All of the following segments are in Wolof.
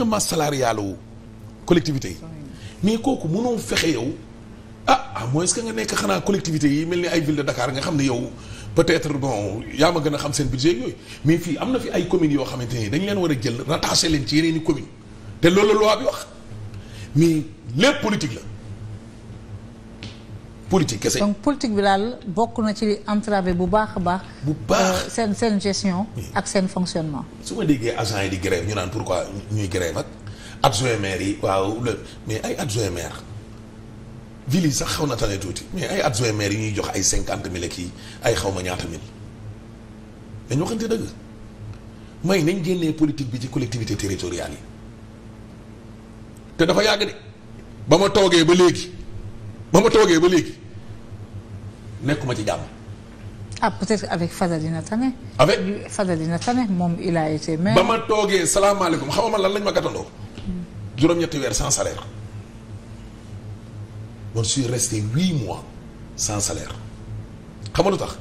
nga masse salariale collectivité yi mais kooku mënoo fexe yow ah à moins que nga nekk xanaa collectivité yi mel ni ay ville de Dakar nga xam ne yow peut-être bon yaa ma gën a xam seen budget yooyu mais fii am na fi ay communes yoo xamante ni dañ leen war a jël rattaché leen ci yeneen i te loolu la loi bi wax mais lépp politique la politique kese. donc politique bi daal bokk na ci entravé bu baax a baax. bu baax euh, seen seen gestion. ak seen fonctionnement. su ma déggee agent yi di grève ñu naan pourquoi ñuy grève ak adjoint maire yi waaw mais ay adjoint maire ville sax xaw na tane tuuti mais ay adjoint maire ñuy jox ay cinquante mille kii ay xaw ma ñaata mille dañu waxante dëgg may nañ génnee politique bi ci collectivité territoriale yi te dafa yàgg de ba ma toogee ba léegi ba ma toogee ba léegi nekkuma ci jàmm. ah peut-être avec Fada dina tane. avec Fada dina tane moom il a été maire. ba ma toogee salaamaaleykum xaw ma lan lañ ma gàttandoo. juróom-ñetti weer sans salaire. man suis resté huit mois sans salaire. xam nga lu tax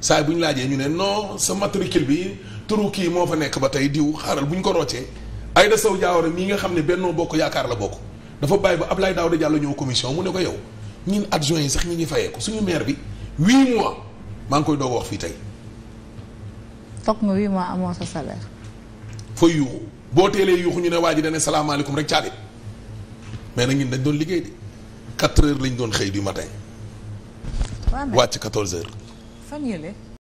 saa bu ñu laajee ñu ne non sa matricule bi turu kii moo fa nekk ba tey diw xaaral bu ñu ko roccee Aïda Sow Diawara mii nga xam ne Benno Bokk Yaakaar la bokk dafa bàyyi ba Abdoulaye Daouda Diallo ñëw commission mu ne ko yow ñun adjoint yi sax ñi ngi fayee ko suñu maire bi. huit mois maa ngi koy doog wax fii tey. toog nga huit mois amoo sa salaire. fa yuuxu boo teelee yuuxu ñu ne waa ji dana salaamaaleykum rek caabi mais na ñun dañ doon liggéey de quatre heures lañ doon xëy du matin. wàcc quatorze heures. fan yële.